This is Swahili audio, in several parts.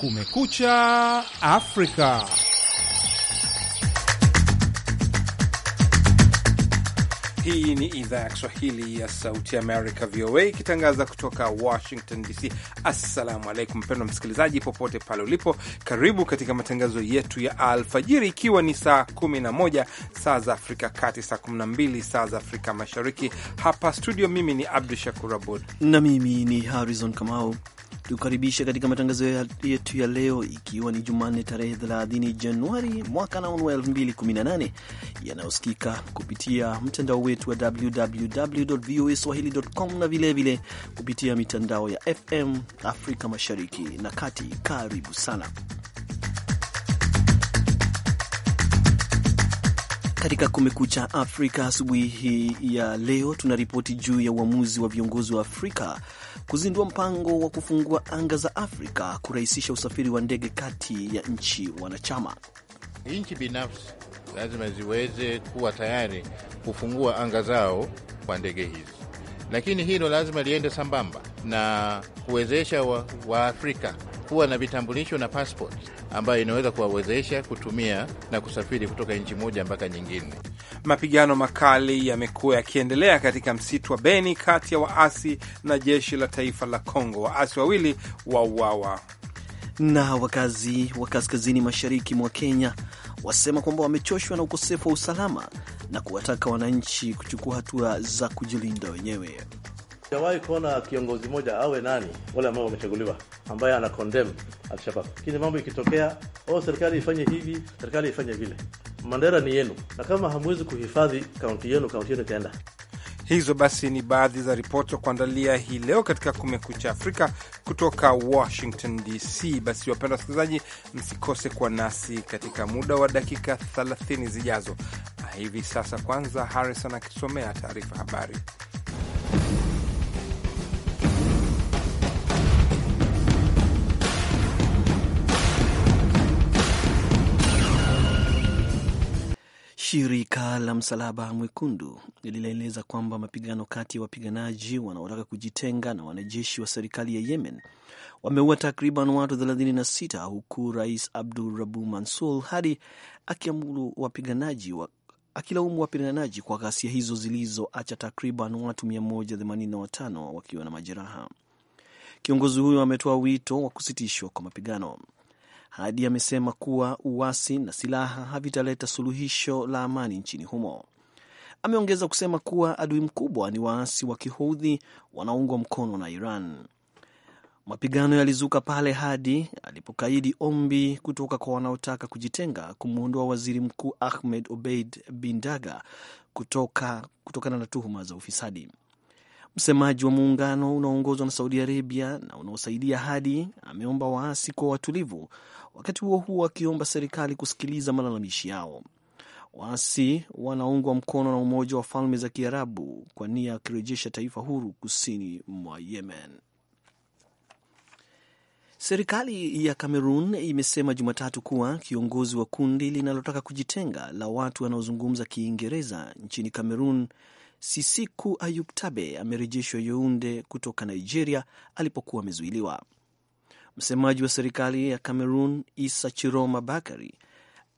Kumekucha Afrika. Hii ni idhaa ya Kiswahili ya Sauti Amerika, VOA, ikitangaza kutoka Washington DC. Assalamu alaikum, mpendwa msikilizaji, popote pale ulipo, karibu katika matangazo yetu ya alfajiri, ikiwa ni saa 11 saa za Afrika Kati, saa 12 saa za Afrika Mashariki. Hapa studio, mimi ni Abdu Shakur Abud na mimi ni Harrison Kamau tukaribisha katika matangazo yetu ya leo, ikiwa ni Jumanne tarehe 30 Januari mwaka naunu wa 2018 yanayosikika kupitia mtandao wetu wa www voa swahili.com na vilevile vile kupitia mitandao ya FM Afrika mashariki na kati. Karibu sana. Katika Kumekucha Afrika asubuhi hii ya leo, tuna ripoti juu ya uamuzi wa viongozi wa Afrika kuzindua mpango wa kufungua anga za Afrika kurahisisha usafiri wa ndege kati ya nchi wanachama. Nchi binafsi lazima ziweze kuwa tayari kufungua anga zao kwa ndege hizi, lakini hilo lazima liende sambamba na kuwezesha Waafrika wa kuwa na vitambulisho na passport ambayo inaweza kuwawezesha kutumia na kusafiri kutoka nchi moja mpaka nyingine. Mapigano makali yamekuwa yakiendelea katika msitu wa Beni kati ya waasi na jeshi la taifa la Kongo. Waasi wawili wauawa na wakazi wa kaskazini mashariki mwa Kenya wasema kwamba wamechoshwa na ukosefu wa usalama na kuwataka wananchi kuchukua hatua za kujilinda wenyewe. Sijawahi kuona kiongozi mmoja awe nani, wale ambao wamechaguliwa, ambaye ana condemn Alshabab. Lakini mambo ikitokea, o serikali ifanye hivi, serikali ifanye vile. Mandera ni yenu, na kama hamwezi kuhifadhi kaunti yenu, kaunti yenu itaenda. Hizo basi ni baadhi za ripoti za kuandalia hii leo katika Kumekucha Afrika kutoka Washington DC. Basi wapenda wasikilizaji, msikose kuwa nasi katika muda wa dakika 30 zijazo. Hivi sasa, kwanza Harrison akisomea taarifa habari. Shirika la Msalaba Mwekundu lilieleza kwamba mapigano kati ya wapiganaji wanaotaka kujitenga na wanajeshi wa serikali ya Yemen wameua takriban watu 36 huku Rais Abdul Rabu Mansur Hadi akiamuru wapiganaji wa akilaumu wapiganaji kwa ghasia hizo zilizoacha takriban watu 185 wakiwa na majeraha. Kiongozi huyo ametoa wito wa kusitishwa kwa mapigano. Hadi amesema kuwa uasi na silaha havitaleta suluhisho la amani nchini humo. Ameongeza kusema kuwa adui mkubwa ni waasi wa Kihoudhi wanaoungwa mkono na Iran. Mapigano yalizuka pale Hadi alipokaidi ombi kutoka kwa wanaotaka kujitenga kumwondoa waziri mkuu Ahmed Obeid Bin Daga kutoka kutokana na tuhuma za ufisadi. Msemaji wa muungano unaoongozwa na Saudi Arabia na unaosaidia hadi ameomba waasi kuwa watulivu, wakati huo huo akiomba serikali kusikiliza malalamishi yao. Waasi wanaungwa mkono na Umoja wa Falme za Kiarabu kwa nia ya kurejesha taifa huru kusini mwa Yemen. Serikali ya cameron imesema Jumatatu kuwa kiongozi wa kundi linalotaka kujitenga la watu wanaozungumza Kiingereza nchini cameron Sisiku Ayub Tabe amerejeshwa Yeunde kutoka Nigeria alipokuwa amezuiliwa. Msemaji wa serikali ya Cameroon Isa Chiroma Bakari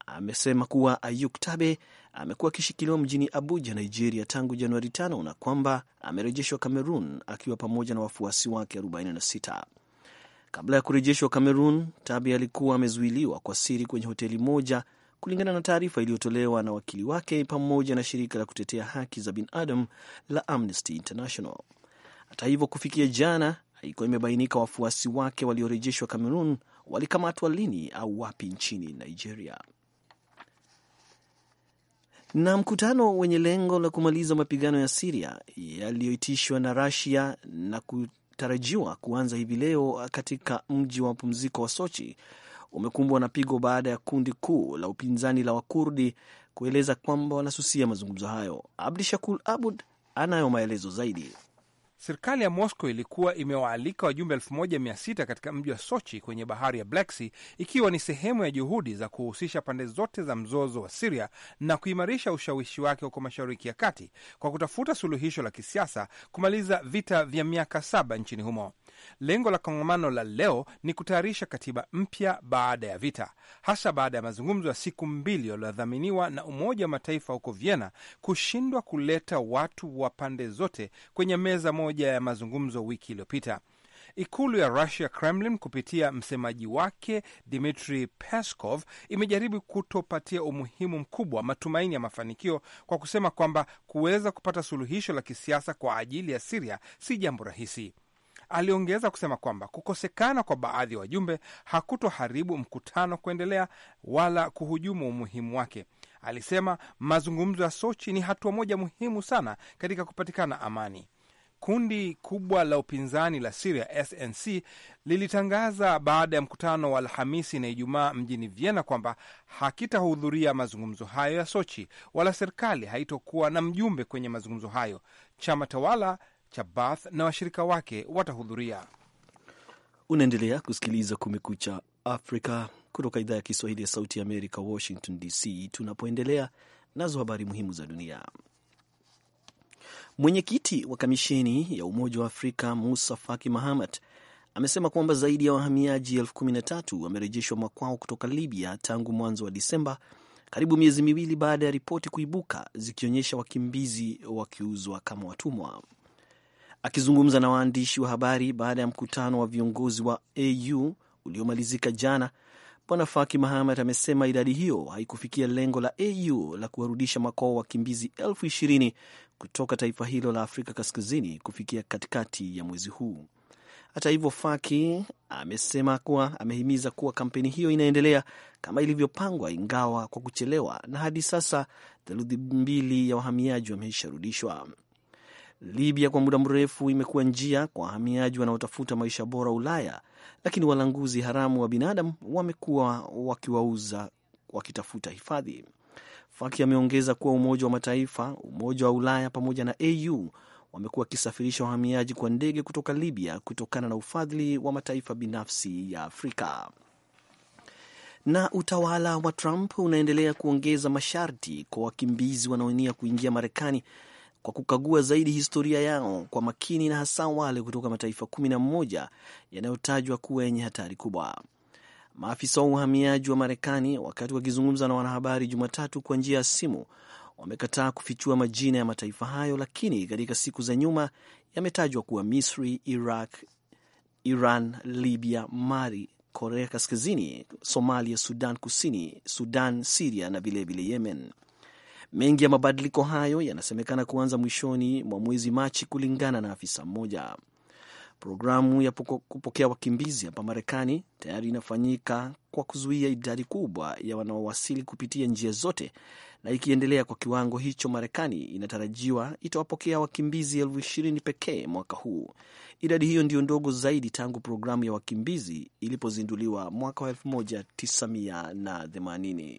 amesema kuwa Ayuk Tabe amekuwa akishikiliwa mjini Abuja, Nigeria tangu Januari 5 na kwamba amerejeshwa Cameroon akiwa pamoja na wafuasi wake 46. Kabla ya kurejeshwa Cameroon, Tabe alikuwa amezuiliwa kwa siri kwenye hoteli moja kulingana na taarifa iliyotolewa na wakili wake pamoja na shirika la kutetea haki za binadamu la Amnesty International. Hata hivyo, kufikia jana haikuwa imebainika wafuasi wake waliorejeshwa Cameroon walikamatwa lini au wapi nchini Nigeria. Na mkutano wenye lengo la kumaliza mapigano ya Siria yaliyoitishwa na Rusia na kutarajiwa kuanza hivi leo katika mji wa mapumziko wa Sochi umekumbwa na pigo baada ya kundi kuu la upinzani la Wakurdi kueleza kwamba wanasusia mazungumzo hayo. Abdi Shakur Abud anayo maelezo zaidi. Serikali ya Moscow ilikuwa imewaalika wajumbe 1600 katika mji wa Sochi kwenye bahari ya Black Sea, ikiwa ni sehemu ya juhudi za kuhusisha pande zote za mzozo wa Siria na kuimarisha ushawishi wake huko Mashariki ya Kati kwa kutafuta suluhisho la kisiasa kumaliza vita vya miaka saba nchini humo. Lengo la kongamano la leo ni kutayarisha katiba mpya baada ya vita, hasa baada ya mazungumzo ya siku mbili yaliyodhaminiwa na Umoja wa Mataifa huko Vienna kushindwa kuleta watu wa pande zote kwenye meza moja moja ya mazungumzo wiki iliyopita. Ikulu ya Russia, Kremlin, kupitia msemaji wake Dmitri Peskov, imejaribu kutopatia umuhimu mkubwa matumaini ya mafanikio kwa kusema kwamba kuweza kupata suluhisho la kisiasa kwa ajili ya Siria si jambo rahisi. Aliongeza kusema kwamba kukosekana kwa baadhi ya wajumbe hakutoharibu mkutano kuendelea wala kuhujumu umuhimu wake. Alisema mazungumzo ya Sochi ni hatua moja muhimu sana katika kupatikana amani. Kundi kubwa la upinzani la Siria SNC lilitangaza baada ya mkutano wa Alhamisi na Ijumaa mjini Vienna kwamba hakitahudhuria mazungumzo hayo ya Sochi wala serikali haitokuwa na mjumbe kwenye mazungumzo hayo. Chama tawala cha Baath na washirika wake watahudhuria. Unaendelea kusikiliza Kumekucha Afrika kutoka idhaa ya Kiswahili ya Sauti ya Amerika, Washington DC, tunapoendelea nazo habari muhimu za dunia. Mwenyekiti wa kamisheni ya Umoja wa Afrika Musa Faki Mahamat amesema kwamba zaidi ya wahamiaji elfu kumi na tatu wamerejeshwa makwao kutoka Libya tangu mwanzo wa Disemba, karibu miezi miwili baada ya ripoti kuibuka zikionyesha wakimbizi wakiuzwa kama watumwa. Akizungumza na waandishi wa habari baada ya mkutano wa viongozi wa AU uliomalizika jana, Bwana Faki Mahamat amesema idadi hiyo haikufikia lengo la AU la kuwarudisha makwao wakimbizi elfu ishirini kutoka taifa hilo la Afrika Kaskazini kufikia katikati ya mwezi huu. Hata hivyo, Faki amesema kuwa amehimiza kuwa kampeni hiyo inaendelea kama ilivyopangwa, ingawa kwa kuchelewa, na hadi sasa theluthi mbili ya wahamiaji wamesharudishwa. Libya kwa muda mrefu imekuwa njia kwa wahamiaji wanaotafuta maisha bora Ulaya, lakini walanguzi haramu wa binadamu wamekuwa wakiwauza wakitafuta hifadhi. Faki ameongeza kuwa Umoja wa Mataifa, Umoja wa Ulaya pamoja na AU wamekuwa wakisafirisha wahamiaji kwa ndege kutoka Libya kutokana na ufadhili wa mataifa binafsi ya Afrika. Na utawala wa Trump unaendelea kuongeza masharti kwa wakimbizi wanaonia kuingia Marekani kwa kukagua zaidi historia yao kwa makini na hasa wale kutoka mataifa kumi na mmoja yanayotajwa kuwa yenye hatari kubwa. Maafisa wa uhamiaji wa Marekani, wakati wakizungumza na wanahabari Jumatatu kwa njia ya simu, wamekataa kufichua majina ya mataifa hayo, lakini katika siku za nyuma yametajwa kuwa Misri, Iraq, Iran, Libya, Mali, Korea Kaskazini, Somalia, Sudan Kusini, Sudan, Siria na vilevile Yemen. Mengi ya mabadiliko hayo yanasemekana kuanza mwishoni mwa mwezi Machi, kulingana na afisa mmoja. Programu ya kupokea wakimbizi hapa Marekani tayari inafanyika kwa kuzuia idadi kubwa ya wanaowasili kupitia njia zote, na ikiendelea kwa kiwango hicho, Marekani inatarajiwa itawapokea wakimbizi elfu ishirini pekee mwaka huu. Idadi hiyo ndiyo ndogo zaidi tangu programu ya wakimbizi ilipozinduliwa mwaka wa 1980.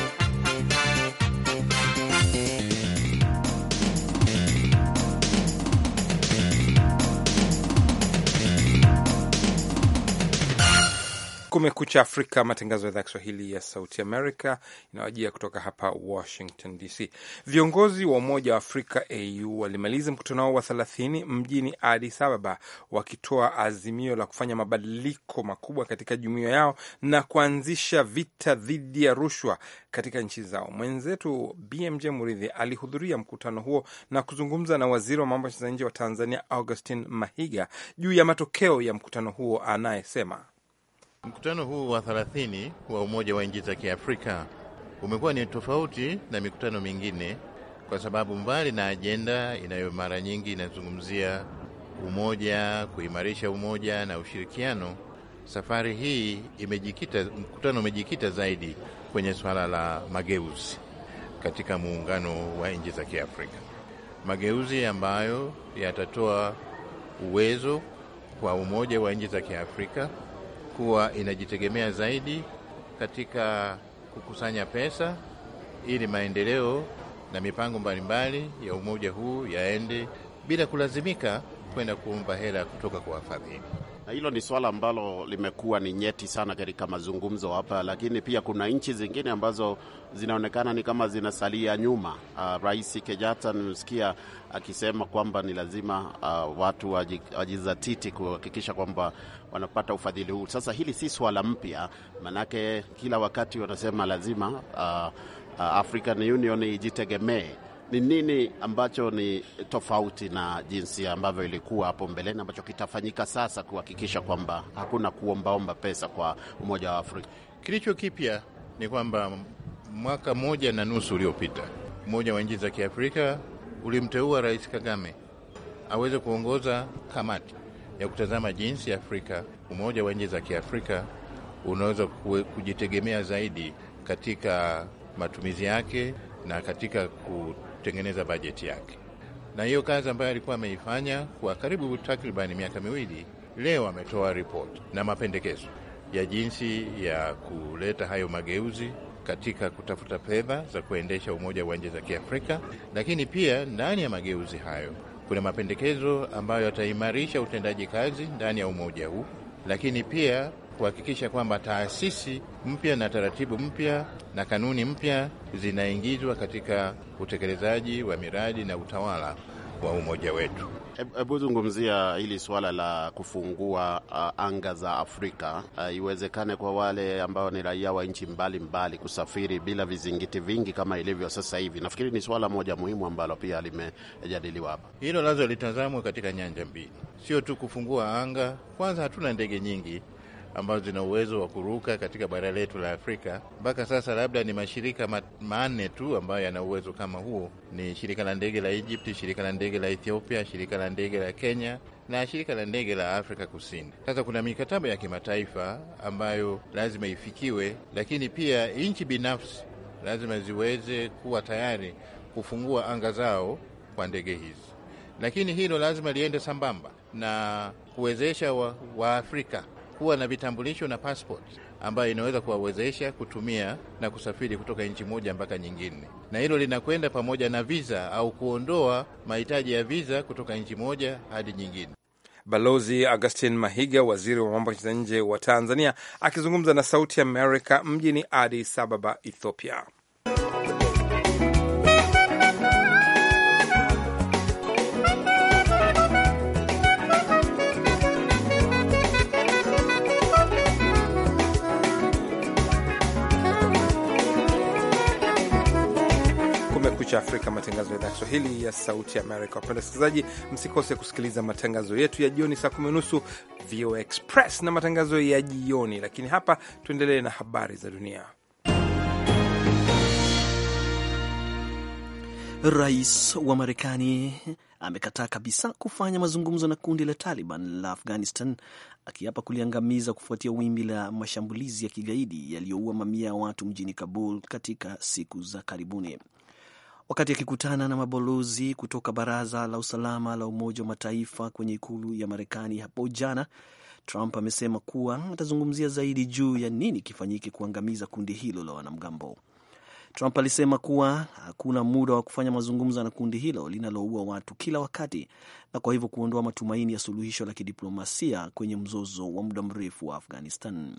Kumekucha Afrika, matangazo ya idhaa Kiswahili ya Sauti Amerika inawajia kutoka hapa Washington DC. Viongozi wa Umoja wa Afrika AU walimaliza mkutano wao wa thelathini mjini adis Ababa wakitoa azimio la kufanya mabadiliko makubwa katika jumuiya yao na kuanzisha vita dhidi ya rushwa katika nchi zao. Mwenzetu BMJ Muridhi alihudhuria mkutano huo na kuzungumza na waziri wa mambo ya nje wa Tanzania Augustin Mahiga juu ya matokeo ya mkutano huo, anayesema Mkutano huu wa 30 wa Umoja wa Nchi za Kiafrika umekuwa ni tofauti na mikutano mingine kwa sababu mbali na ajenda inayo mara nyingi inazungumzia umoja, kuimarisha umoja na ushirikiano, safari hii imejikita, mkutano umejikita zaidi kwenye swala la mageuzi katika muungano wa nchi za Kiafrika, mageuzi ambayo yatatoa uwezo kwa umoja wa nchi za Kiafrika imekuwa inajitegemea zaidi katika kukusanya pesa ili maendeleo na mipango mbalimbali ya umoja huu yaende bila kulazimika kwenda kuomba hela kutoka kwa wafadhili. Hilo ni swala ambalo limekuwa ni nyeti sana katika mazungumzo hapa, lakini pia kuna nchi zingine ambazo zinaonekana ni kama zinasalia nyuma. Uh, Rais Kenyatta nimesikia akisema kwamba ni lazima uh, watu wajizatiti kuhakikisha kwamba wanapata ufadhili huu. Sasa hili si swala mpya, manake kila wakati wanasema lazima uh, uh, African Union ijitegemee ni nini ambacho ni tofauti na jinsi ambavyo ilikuwa hapo mbeleni ambacho kitafanyika sasa kuhakikisha kwamba hakuna kuombaomba pesa kwa Umoja wa Afrika? Kilicho kipya ni kwamba mwaka moja na nusu uliopita Umoja wa nchi za Kiafrika ulimteua Rais Kagame aweze kuongoza kamati ya kutazama jinsi Afrika, Umoja wa nchi za Kiafrika unaweza kujitegemea zaidi katika matumizi yake na katika kutengeneza bajeti yake, na hiyo kazi ambayo alikuwa ameifanya kwa karibu takribani miaka miwili, leo ametoa ripoti na mapendekezo ya jinsi ya kuleta hayo mageuzi katika kutafuta fedha za kuendesha Umoja wa Nchi za Kiafrika, lakini pia ndani ya mageuzi hayo kuna mapendekezo ambayo yataimarisha utendaji kazi ndani ya umoja huu, lakini pia kuhakikisha kwamba taasisi mpya na taratibu mpya na kanuni mpya zinaingizwa katika utekelezaji wa miradi na utawala wa umoja wetu. Hebu zungumzia hili suala la kufungua uh, anga za Afrika uh, iwezekane kwa wale ambao ni raia wa nchi mbalimbali kusafiri bila vizingiti vingi kama ilivyo sasa hivi. Nafikiri ni suala moja muhimu ambalo pia limejadiliwa hapa. Hilo lazo litazamwe katika nyanja mbili, sio tu kufungua anga. Kwanza hatuna ndege nyingi ambazo zina uwezo wa kuruka katika bara letu la Afrika. Mpaka sasa labda ni mashirika manne tu ambayo yana uwezo kama huo, ni shirika la ndege la Egypt, shirika la ndege la Ethiopia, shirika la ndege la Kenya na shirika la ndege la Afrika Kusini. Sasa kuna mikataba ya kimataifa ambayo lazima ifikiwe, lakini pia nchi binafsi lazima ziweze kuwa tayari kufungua anga zao kwa ndege hizi, lakini hilo lazima liende sambamba na kuwezesha Waafrika wa kuwa na vitambulisho na passport ambayo inaweza kuwawezesha kutumia na kusafiri kutoka nchi moja mpaka nyingine, na hilo linakwenda pamoja na viza au kuondoa mahitaji ya viza kutoka nchi moja hadi nyingine. Balozi Augustin Mahiga, waziri wa mambo ya nje wa Tanzania, akizungumza na Sauti ya Amerika mjini Addis Ababa, Ethiopia. Kumekucha Afrika, matangazo ya idhaa Kiswahili ya Sauti Amerika. Wapenda wasikilizaji, msikose kusikiliza matangazo yetu ya jioni saa kumi nusu VOA Express na matangazo ya jioni, lakini hapa tuendelee na habari za dunia. Rais wa Marekani amekataa kabisa kufanya mazungumzo na kundi la Taliban la Afghanistan, akiapa kuliangamiza kufuatia wimbi la mashambulizi ya kigaidi yaliyoua mamia ya watu mjini Kabul katika siku za karibuni wakati akikutana na mabalozi kutoka Baraza la Usalama la Umoja wa Mataifa kwenye ikulu ya Marekani hapo jana. Trump amesema kuwa atazungumzia zaidi juu ya nini kifanyike kuangamiza kundi hilo la wanamgambo. Trump alisema kuwa hakuna muda wa kufanya mazungumzo na kundi hilo linaloua watu kila wakati, na kwa hivyo kuondoa matumaini ya suluhisho la kidiplomasia kwenye mzozo wa muda mrefu wa Afghanistan.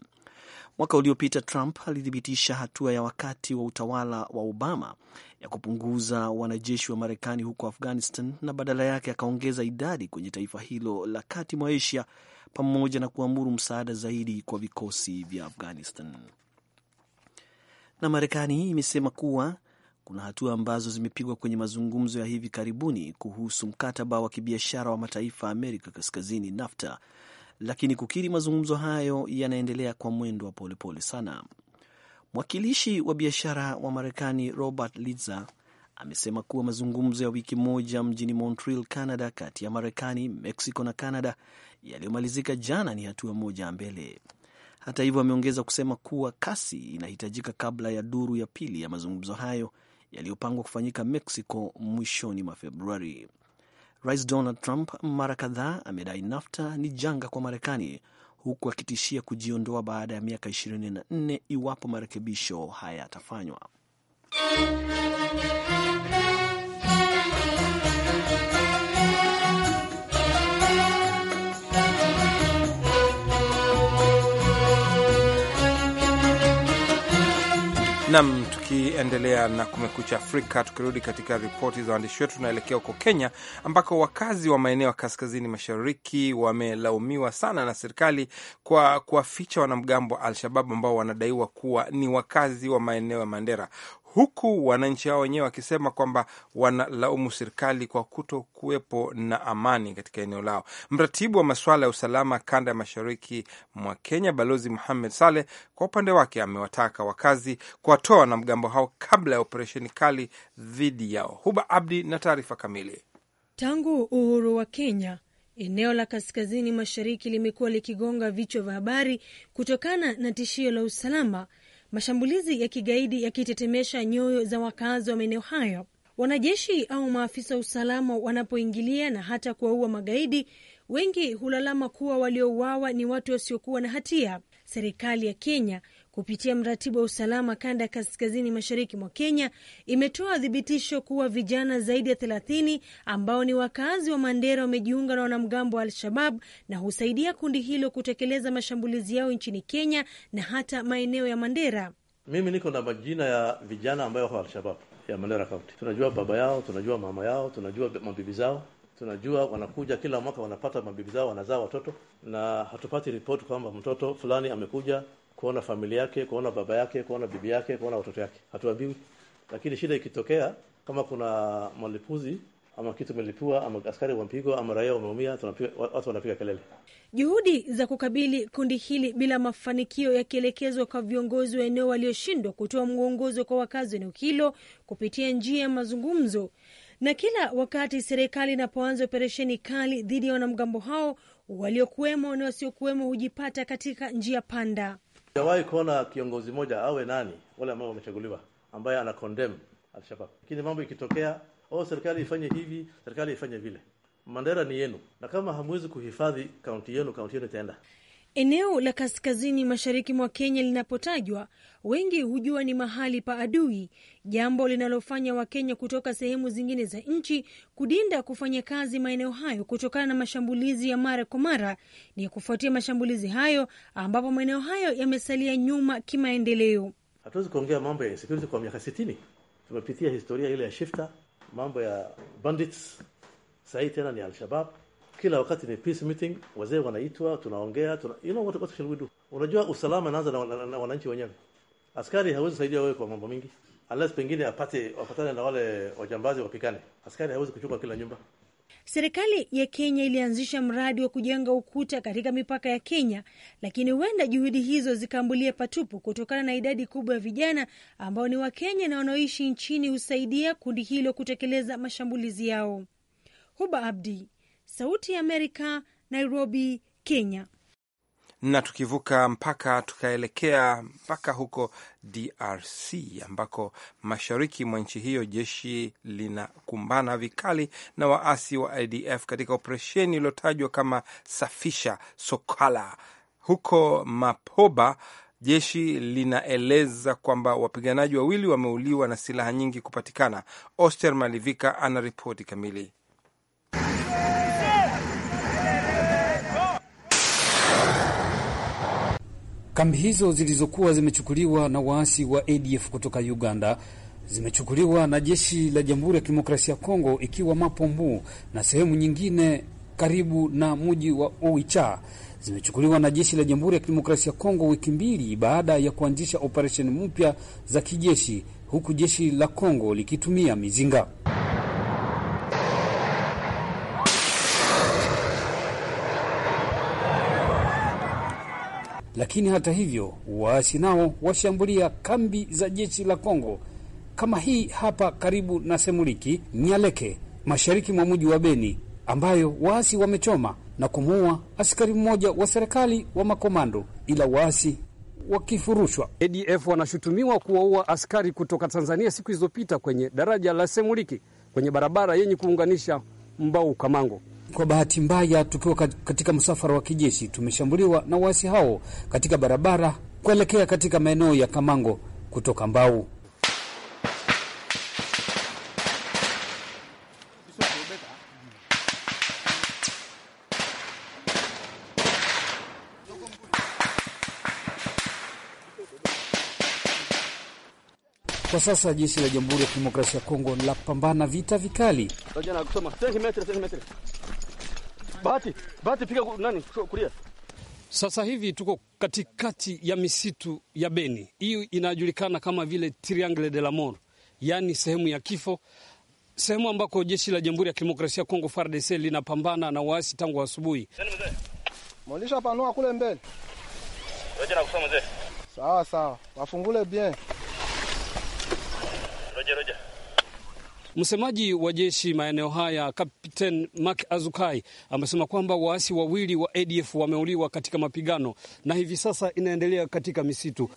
Mwaka uliopita Trump alithibitisha hatua ya wakati wa utawala wa Obama ya kupunguza wanajeshi wa Marekani huko Afghanistan na badala yake akaongeza idadi kwenye taifa hilo la kati mwa Asia pamoja na kuamuru msaada zaidi kwa vikosi vya Afghanistan. Na Marekani imesema kuwa kuna hatua ambazo zimepigwa kwenye mazungumzo ya hivi karibuni kuhusu mkataba wa kibiashara wa mataifa ya Amerika Kaskazini, NAFTA, lakini kukiri mazungumzo hayo yanaendelea kwa mwendo wa polepole sana. Mwakilishi wa biashara wa Marekani Robert Litzer amesema kuwa mazungumzo ya wiki moja mjini Montreal, Canada, kati ya Marekani, Mexico na Canada yaliyomalizika jana ni hatua moja mbele. Hata hivyo, ameongeza kusema kuwa kasi inahitajika kabla ya duru ya pili ya mazungumzo hayo yaliyopangwa kufanyika Mexico mwishoni mwa Februari. Rais Donald Trump mara kadhaa amedai NAFTA ni janga kwa Marekani huku akitishia kujiondoa baada ya miaka 24 iwapo marekebisho hayatafanywa. Nam, tukiendelea na Kumekucha Afrika, tukirudi katika ripoti za waandishi wetu, tunaelekea huko Kenya ambako wakazi wa maeneo ya kaskazini mashariki wamelaumiwa sana na serikali kwa kuwaficha wanamgambo wa al shabab ambao wanadaiwa kuwa ni wakazi wa maeneo ya Mandera huku wananchi hao wenyewe wakisema kwamba wanalaumu serikali kwa kuto kuwepo na amani katika eneo lao. Mratibu wa masuala ya usalama kanda ya mashariki mwa Kenya, Balozi Muhamed Saleh, kwa upande wake amewataka wakazi kuwatoa wanamgambo hao kabla ya operesheni kali dhidi yao. Huba Abdi na taarifa kamili. Tangu uhuru wa Kenya, eneo la kaskazini mashariki limekuwa likigonga vichwa vya habari kutokana na tishio la usalama mashambulizi ya kigaidi yakitetemesha nyoyo za wakazi wa maeneo hayo. Wanajeshi au maafisa wa usalama wanapoingilia na hata kuwaua magaidi, wengi hulalama kuwa waliouawa ni watu wasiokuwa na hatia. Serikali ya Kenya kupitia mratibu wa usalama kanda ya kaskazini mashariki mwa Kenya imetoa thibitisho kuwa vijana zaidi ya thelathini ambao ni wakazi wa Mandera wamejiunga na wanamgambo wa Al-Shabab na husaidia kundi hilo kutekeleza mashambulizi yao nchini Kenya na hata maeneo ya Mandera. Mimi niko na majina ya vijana ambayo wako Al-Shabab ya Mandera Kaunti. Tunajua baba yao, tunajua mama yao, tunajua mabibi zao tunajua wanakuja kila mwaka, wanapata mabibi zao, wanazaa watoto, na hatupati ripoti kwamba mtoto fulani amekuja kuona familia yake, kuona baba yake, kuona bibi yake, kuona watoto yake. Hatuambiwi. Lakini shida ikitokea kama kuna malipuzi ama kitu melipua ama askari wampigwa ama raia wameumia, watu wanapiga kelele. Juhudi za kukabili kundi hili bila mafanikio yakielekezwa kwa viongozi wa eneo walioshindwa kutoa mwongozo kwa wakazi wa eneo hilo kupitia njia ya mazungumzo, na kila wakati serikali inapoanza operesheni kali dhidi ya wanamgambo hao, waliokuwemo na wasiokuwemo hujipata katika njia panda. Sijawahi kuona kiongozi mmoja awe nani, wale ambao wamechaguliwa, ambaye ana condemn Alshabab, lakini mambo ikitokea, oh, serikali ifanye hivi, serikali ifanye vile. Mandera ni yenu, na kama hamwezi kuhifadhi kaunti yenu, kaunti yenu itaenda. Eneo la kaskazini mashariki mwa Kenya linapotajwa, wengi hujua ni mahali pa adui, jambo linalofanya Wakenya kutoka sehemu zingine za nchi kudinda kufanya kazi maeneo hayo kutokana na mashambulizi ya mara kwa mara. Ni kufuatia mashambulizi hayo ambapo maeneo hayo yamesalia nyuma kimaendeleo. Hatuwezi kuongea mambo ya security kwa miaka sitini. Tumepitia historia ile ya shifta, mambo ya bandits, sahii tena ni Alshabab kila wakati ni peace meeting, wazee wanaitwa, tunaongea tuna, you know what, what shall we do? Unajua usalama naanza na, na, na wananchi wenyewe. Askari hawezi saidia wewe kwa mambo mingi, unless pengine apate wapatane na wale wajambazi wapikane. Askari hawezi kuchukua kila nyumba. Serikali ya Kenya ilianzisha mradi wa kujenga ukuta katika mipaka ya Kenya, lakini huenda juhudi hizo zikaambulia patupu kutokana na idadi kubwa ya vijana ambao ni Wakenya na wanaoishi nchini husaidia kundi hilo kutekeleza mashambulizi yao. Huba Abdi, Sauti ya Amerika, Nairobi, Kenya. Na tukivuka mpaka tukaelekea mpaka huko DRC ambako mashariki mwa nchi hiyo jeshi linakumbana vikali na waasi wa ADF katika operesheni iliyotajwa kama safisha Sokala. Huko Mapoba, jeshi linaeleza kwamba wapiganaji wawili wameuliwa na silaha nyingi kupatikana. Oster Malivika ana ripoti kamili. Kambi hizo zilizokuwa zimechukuliwa na waasi wa ADF kutoka Uganda zimechukuliwa na jeshi la Jamhuri ya Kidemokrasia ya Kongo, ikiwa Mapombu na sehemu nyingine karibu na mji wa Oicha zimechukuliwa na jeshi la Jamhuri ya Kidemokrasia ya Kongo wiki mbili baada ya kuanzisha operesheni mpya za kijeshi, huku jeshi la Kongo likitumia mizinga. Lakini hata hivyo, waasi nao washambulia kambi za jeshi la Kongo kama hii hapa karibu na Semuliki, Nyaleke, mashariki mwa mji wa Beni, ambayo waasi wamechoma na kumuua askari mmoja wa serikali wa makomando, ila waasi wakifurushwa. ADF wanashutumiwa kuwaua askari kutoka Tanzania siku zilizopita kwenye daraja la Semuliki kwenye barabara yenye kuunganisha Mbau Kamango. Kwa bahati mbaya, tukiwa katika msafara wa kijeshi, tumeshambuliwa na waasi hao katika barabara kuelekea katika maeneo ya Kamango kutoka Mbau. Kwa sasa jeshi la Jamhuri ya Kidemokrasia ya Kongo lapambana vita vikali. Bahati, Bahati piga nani kulia. Sasa hivi tuko katikati ya misitu ya Beni. Hii inajulikana kama vile Triangle de la Mort, yaani sehemu ya kifo, sehemu ambako jeshi la Jamhuri ya Kidemokrasia ya Kongo FARDC linapambana na waasi tangu asubuhi. Yaani Mwalisha panua kule mbele. Wewe na kusoma mzee. Sawa sawa. Wafungule bien. Msemaji wa jeshi maeneo haya Kapten Mark Azukai amesema kwamba waasi wawili wa ADF wameuliwa katika mapigano na hivi sasa inaendelea katika misitu.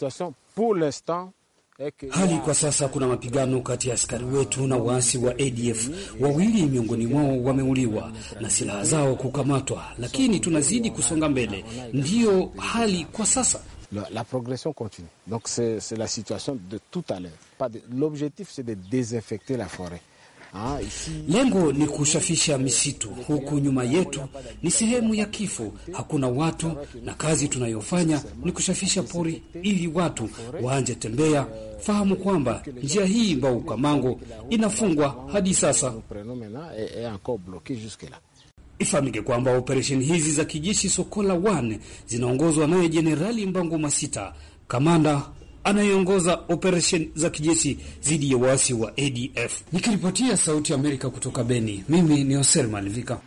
Hali kwa sasa kuna mapigano kati ya askari wetu na waasi wa ADF. Wawili miongoni mwao wameuliwa na silaha zao kukamatwa, lakini tunazidi kusonga mbele. Ndiyo hali kwa sasa. La, la progression continue. Donc c'est la situation de tout à l'heure. L'objectif c'est de désinfecter la forêt. Lengo ni kushafisha misitu. Huku nyuma yetu ni sehemu ya kifo, hakuna watu, na kazi tunayofanya ni kushafisha pori ili watu waanje tembea. Fahamu kwamba njia hii Mbau Kamango inafungwa hadi sasa. Ifahamike kwamba operesheni hizi za kijeshi Sokola 1 zinaongozwa naye Jenerali Mbangu Masita, kamanda anayeongoza operesheni za kijeshi dhidi ya waasi wa ADF. Nikiripotia Sauti ya Amerika kutoka Beni, mimi ni Oser Malivika.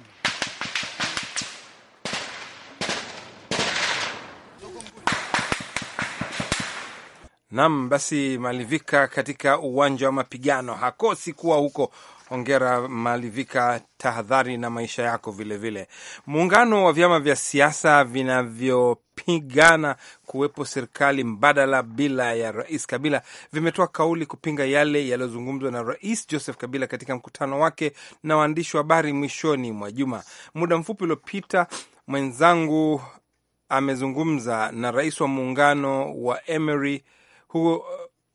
Nam, basi Malivika katika uwanja wa mapigano hakosi kuwa huko Ongera Malivika, tahadhari na maisha yako vilevile. Muungano wa vyama vya siasa vinavyopigana kuwepo serikali mbadala bila ya Rais Kabila vimetoa kauli kupinga yale yaliyozungumzwa na Rais Joseph Kabila katika mkutano wake na waandishi wa habari mwishoni mwa juma. Muda mfupi uliopita mwenzangu amezungumza na rais wa muungano wa Emery huo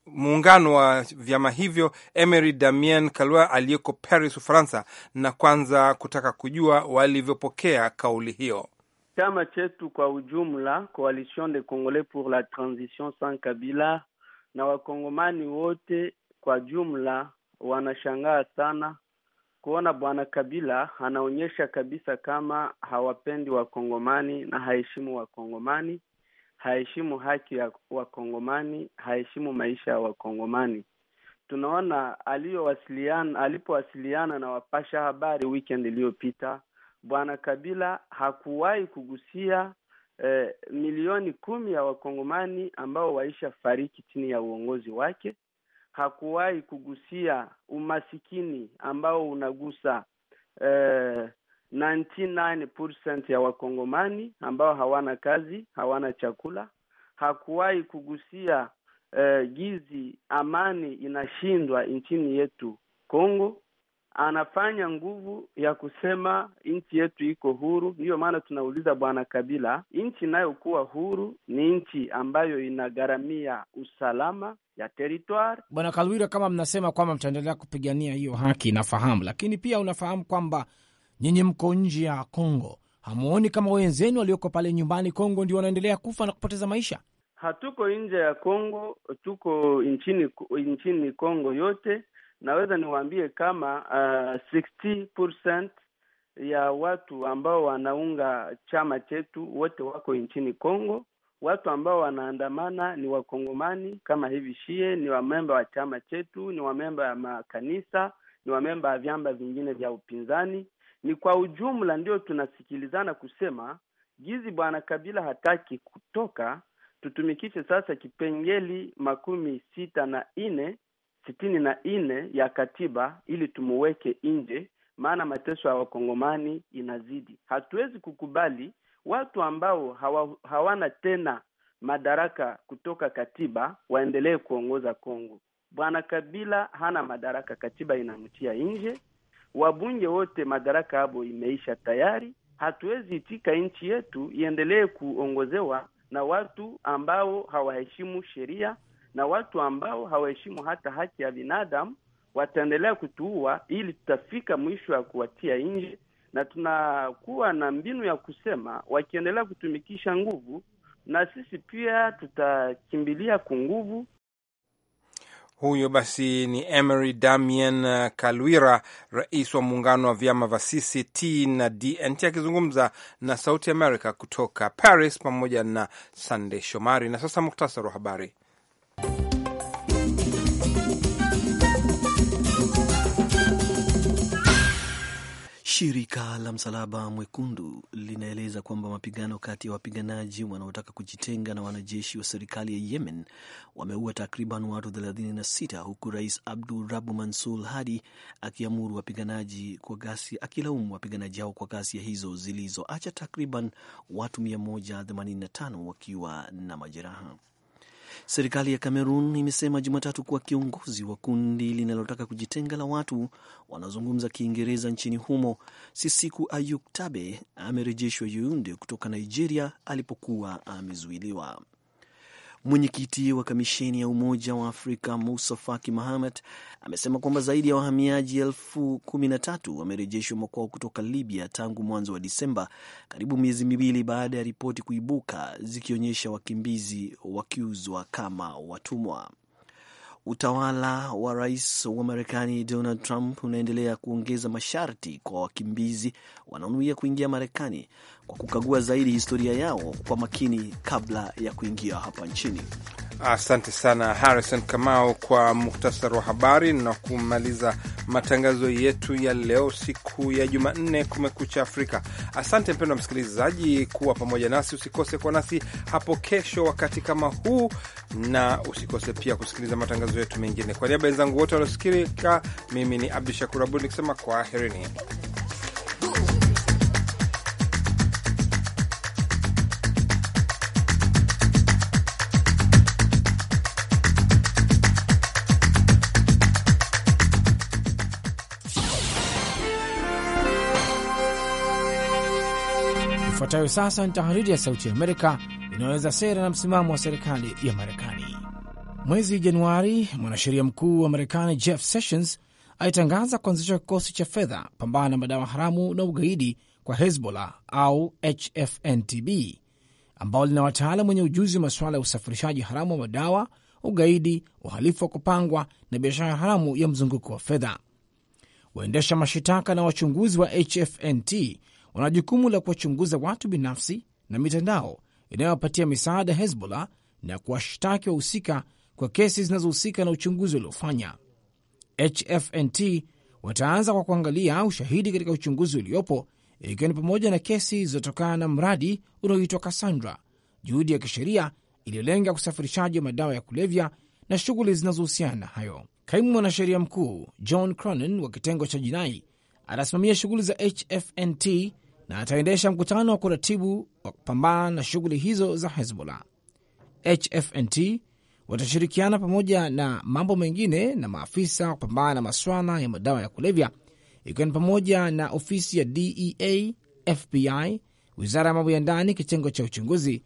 muungano wa vyama hivyo Emery Damien Kalua aliyeko Paris, Ufaransa, na kwanza kutaka kujua walivyopokea kauli hiyo. Chama chetu kwa ujumla, Coalition de Congolais pour la Transition sans Kabila, na wakongomani wote kwa jumla wanashangaa sana kuona bwana Kabila anaonyesha kabisa kama hawapendi wakongomani na haheshimu wakongomani haheshimu haki ya Wakongomani, haheshimu maisha ya Wakongomani. Tunaona aliyowasiliana alipowasiliana na wapasha habari weekend iliyopita, Bwana Kabila hakuwahi kugusia eh, milioni kumi ya Wakongomani ambao waisha fariki chini ya uongozi wake. Hakuwahi kugusia umasikini ambao unagusa eh, 99% ya wakongomani ambao hawana kazi, hawana chakula, hakuwahi kugusia eh, gizi amani inashindwa nchini yetu Kongo. Anafanya nguvu ya kusema nchi yetu iko huru. Ndiyo maana tunauliza Bwana Kabila, nchi inayokuwa huru ni nchi ambayo inagharamia usalama ya teritwari. Bwana Kalwira, kama mnasema kwamba mtaendelea kupigania hiyo haki, nafahamu, lakini pia unafahamu kwamba nyinyi mko nje ya Kongo, hamuoni kama wenzenu walioko pale nyumbani Kongo ndio wanaendelea kufa na kupoteza maisha? Hatuko nje ya Kongo, tuko nchini nchini Kongo yote. Naweza niwaambie kama uh, 60% ya watu ambao wanaunga chama chetu wote wako nchini Kongo. Watu ambao wanaandamana ni Wakongomani kama hivi shie, ni wamemba wa chama chetu, ni wamemba ya makanisa, ni wamemba ya vyamba vingine vya upinzani ni kwa ujumla ndio tunasikilizana kusema gizi bwana Kabila hataki kutoka, tutumikishe sasa kipengeli makumi sita na nne sitini na nne ya katiba ili tumuweke nje, maana mateso ya wakongomani inazidi. Hatuwezi kukubali watu ambao hawa, hawana tena madaraka kutoka katiba waendelee kuongoza Kongo. Bwana Kabila hana madaraka, katiba inamtia nje wabunge wote madaraka yabo imeisha tayari. Hatuwezi itika nchi yetu iendelee kuongozewa na watu ambao hawaheshimu sheria na watu ambao hawaheshimu hata haki ya binadamu. Wataendelea kutuua ili tutafika mwisho ya kuwatia nje, na tunakuwa na mbinu ya kusema wakiendelea kutumikisha nguvu, na sisi pia tutakimbilia ku nguvu huyo basi ni Emery Damien Kalwira, rais wa muungano wa vyama vya CCT na DNT akizungumza na Sauti America kutoka Paris, pamoja na Sandey Shomari. Na sasa muktasari wa habari. Shirika la Msalaba Mwekundu linaeleza kwamba mapigano kati ya wapiganaji wanaotaka kujitenga na wanajeshi wa serikali ya Yemen wameua takriban watu 36 huku Rais Abdu Rabu Mansur Hadi akiamuru wapiganaji kwa ghasia, akilaumu wapiganaji hao kwa ghasia hizo zilizoacha takriban watu 185 wakiwa na majeraha. Serikali ya Kamerun imesema Jumatatu kuwa kiongozi wa kundi linalotaka kujitenga la watu wanaozungumza Kiingereza nchini humo Sisiku Ayuk Tabe amerejeshwa yuunde kutoka Nigeria alipokuwa amezuiliwa. Mwenyekiti wa kamisheni ya Umoja wa Afrika Musa Faki Mahamat amesema kwamba zaidi ya wahamiaji elfu kumi na tatu wamerejeshwa makwao kutoka Libya tangu mwanzo wa Disemba, karibu miezi miwili baada ya ripoti kuibuka zikionyesha wakimbizi wakiuzwa kama watumwa. Utawala wa rais wa Marekani Donald Trump unaendelea kuongeza masharti kwa wakimbizi wanaonuia kuingia Marekani kwa kukagua zaidi historia yao kwa makini kabla ya kuingia hapa nchini. Asante sana Harrison Kamau kwa muhtasari wa habari na kumaliza matangazo yetu ya leo, siku ya Jumanne, Kumekucha Afrika. Asante mpendwa msikilizaji kuwa pamoja nasi. Usikose kuwa nasi hapo kesho wakati kama huu, na usikose pia kusikiliza matangazo yetu mengine. Kwa niaba ya wenzangu wote waliosikika, mimi ni Abdu Shakur Abud nikisema kwaherini. Ifuatayo sasa ni tahariri ya Sauti ya Amerika inayoweza sera na msimamo wa serikali ya Marekani. Mwezi Januari, mwanasheria mkuu wa Marekani Jeff Sessions alitangaza kuanzisha kikosi cha fedha pambana na madawa haramu na ugaidi kwa Hezbollah au HFNTB ambao lina wataalam wenye ujuzi wa masuala ya usafirishaji haramu wa madawa, ugaidi, uhalifu wa kupangwa na biashara haramu ya mzunguko wa fedha. Waendesha mashitaka na wachunguzi wa HFNT wana jukumu la kuwachunguza watu binafsi na mitandao inayowapatia misaada Hezbollah na kuwashtaki wahusika kwa kesi zinazohusika na uchunguzi waliofanya. HFNT wataanza kwa kuangalia ushahidi katika uchunguzi uliopo, ikiwa ni pamoja na kesi zilizotokana na mradi unaoitwa Cassandra, juhudi ya kisheria iliyolenga usafirishaji wa madawa ya kulevya na shughuli zinazohusiana na hayo. Kaimu mwanasheria mkuu John Cronin wa kitengo cha jinai anasimamia shughuli za HFNT na ataendesha mkutano wa kuratibu wa kupambana na shughuli hizo za Hezbollah. HFNT watashirikiana pamoja na mambo mengine na maafisa wa kupambana na maswala ya madawa ya kulevya, ikiwa ni pamoja na ofisi ya DEA, FBI, wizara ya mambo ya ndani, kitengo cha uchunguzi,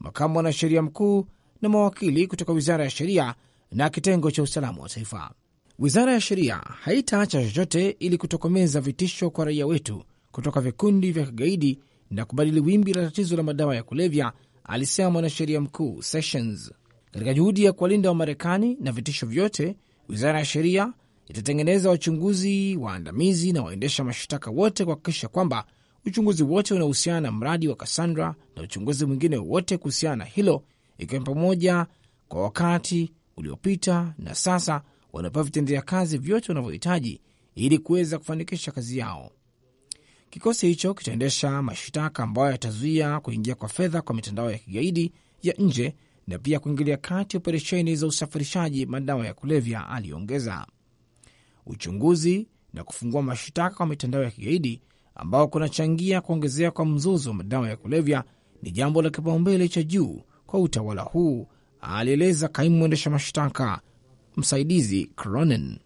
makamu wanasheria mkuu na mawakili kutoka wizara ya sheria na kitengo cha usalama wa taifa. Wizara ya sheria haitaacha chochote ili kutokomeza vitisho kwa raia wetu kutoka vikundi vya kigaidi na kubadili wimbi la tatizo la madawa ya kulevya, alisema mwanasheria mkuu Sessions. Katika juhudi ya kuwalinda Wamarekani na vitisho vyote, wizara ya sheria itatengeneza wachunguzi waandamizi na waendesha mashtaka wote kuhakikisha kwamba uchunguzi wote unaohusiana na mradi wa Cassandra na uchunguzi mwingine wowote kuhusiana na hilo, ikiwa ni pamoja kwa wakati uliopita na sasa, wanapewa vitendea kazi vyote wanavyohitaji ili kuweza kufanikisha kazi yao. Kikosi hicho kitaendesha mashtaka ambayo yatazuia kuingia kwa fedha kwa mitandao ya kigaidi ya nje na pia kuingilia kati operesheni za usafirishaji madawa ya kulevya, aliongeza. Uchunguzi na kufungua mashtaka kwa mitandao ya kigaidi ambao kunachangia kuongezea kwa mzozo wa madawa ya kulevya ni jambo la kipaumbele cha juu kwa utawala huu, alieleza kaimu mwendesha mashtaka msaidizi Cronin.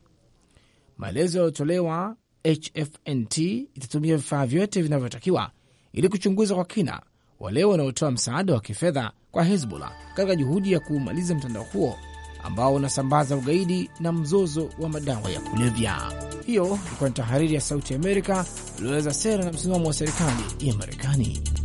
Maelezo yaliyotolewa HFNT itatumia vifaa vyote vinavyotakiwa ili kuchunguza kwa kina wale wanaotoa msaada wa kifedha kwa Hezbollah katika juhudi ya kuumaliza mtandao huo ambao unasambaza ugaidi na mzozo wa madawa ya kulevya. Hiyo ilikuwa ni tahariri ya Sauti ya Amerika iliyoeleza sera na msimamo wa serikali ya Marekani.